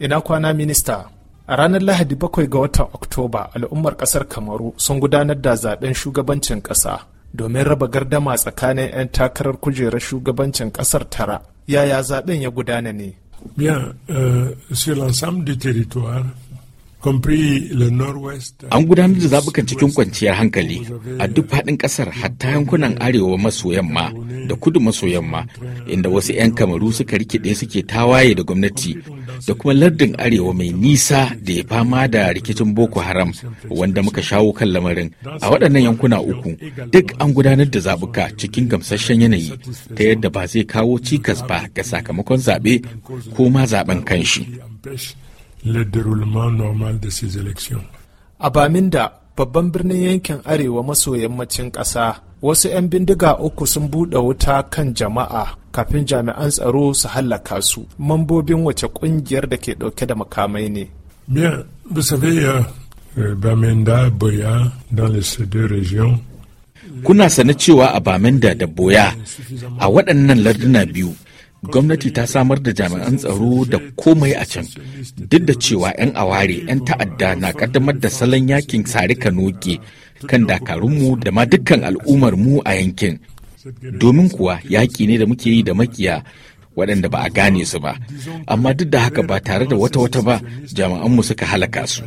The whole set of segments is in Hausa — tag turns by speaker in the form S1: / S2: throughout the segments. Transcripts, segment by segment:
S1: ina kwana minista a ranar lahadi bakwai ga watan oktoba al'ummar kasar kamaru sun gudanar da zaben shugabancin kasa domin raba gardama tsakanin 'yan takarar kujerar shugabancin kasar tara yaya zaben ya gudana ne
S2: euh, An gudanar da zabukan
S3: cikin kwanciyar hankali a duk faɗin ƙasar hatta yankunan arewa maso yamma da kudu maso yamma inda wasu 'yan kamaru suka rikide suke tawaye da gwamnati da kuma lardin arewa mai nisa da ya fama da rikicin boko haram wanda muka shawo kan lamarin a waɗannan yankuna uku duk an gudanar da zabuka cikin gamsasshen yanayi ta yadda ba zai kawo cikas ba ga sakamakon zaɓe ko ma zaɓen kanshi.
S2: A Baminda babban
S1: birnin yankin arewa maso yammacin ƙasa wasu 'yan bindiga uku sun buɗe wuta kan jama'a kafin jami'an tsaro su hallaka su mambobin wace ƙungiyar da ke ɗauke da makamai ne.
S2: Bien, euh, euh, kuna sane cewa a Bamenda da Boya a
S3: waɗannan larduna biyu gwamnati ta samar da jami'an tsaro da komai a can duk da cewa 'yan aware 'yan ta'adda na kaddamar da salon yakin sare kanoke kan dakarunmu da ma dukkan al'ummar mu a yankin domin kuwa yaƙi ne da muke yi da makiya waɗanda ba a gane su ba amma duk da haka ba tare
S1: da wata-wata ba jami'anmu suka halaka su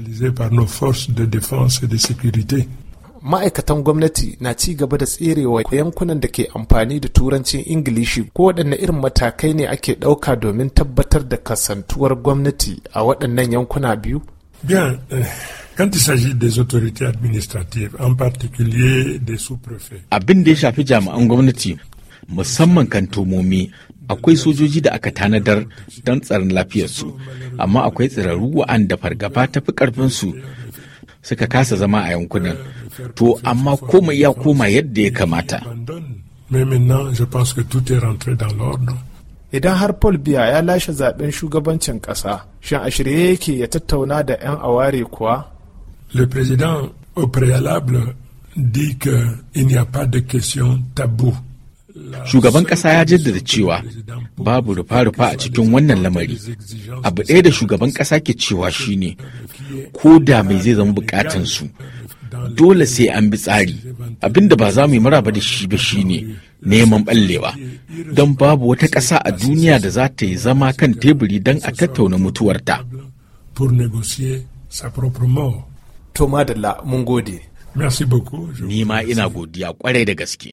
S1: ma'aikatan gwamnati na ci gaba da tserewa yankunan da ke amfani da turancin ingilishi ko waɗanne irin matakai ne ake ɗauka domin tabbatar da kasantuwar gwamnati a waɗannan yankuna biyu?
S2: Bien, eh, quand il
S3: Abin da ya shafi jami'an gwamnati, musamman kan akwai sojoji da aka tanadar don tsaron lafiyarsu, amma akwai tsirarru wa'anda fargaba ta fi ƙarfinsu suka kasa zama a yankunan to amma komai ya koma yadda ya kamata
S2: idan har
S1: paul biya ya lashe zaben shugabancin kasa shin a shirye yake ya tattauna da 'yan aware kuwa le president
S2: au préalable dit il n'y a pas de question tabou Shugaban
S3: kasa ya jaddada cewa babu rufa-rufa a cikin wannan lamari abu ɗaya da shugaban ƙasa ke cewa shine ko da mai zai zama bukatan dole sai an bi tsari abinda ba za mu yi maraba da shi ba shine neman ɓallewa don babu wata ƙasa a duniya da za ta yi zama kan teburi don a tattauna mutuwarta. gode. Ni ma ina godiya kwarai da gaske.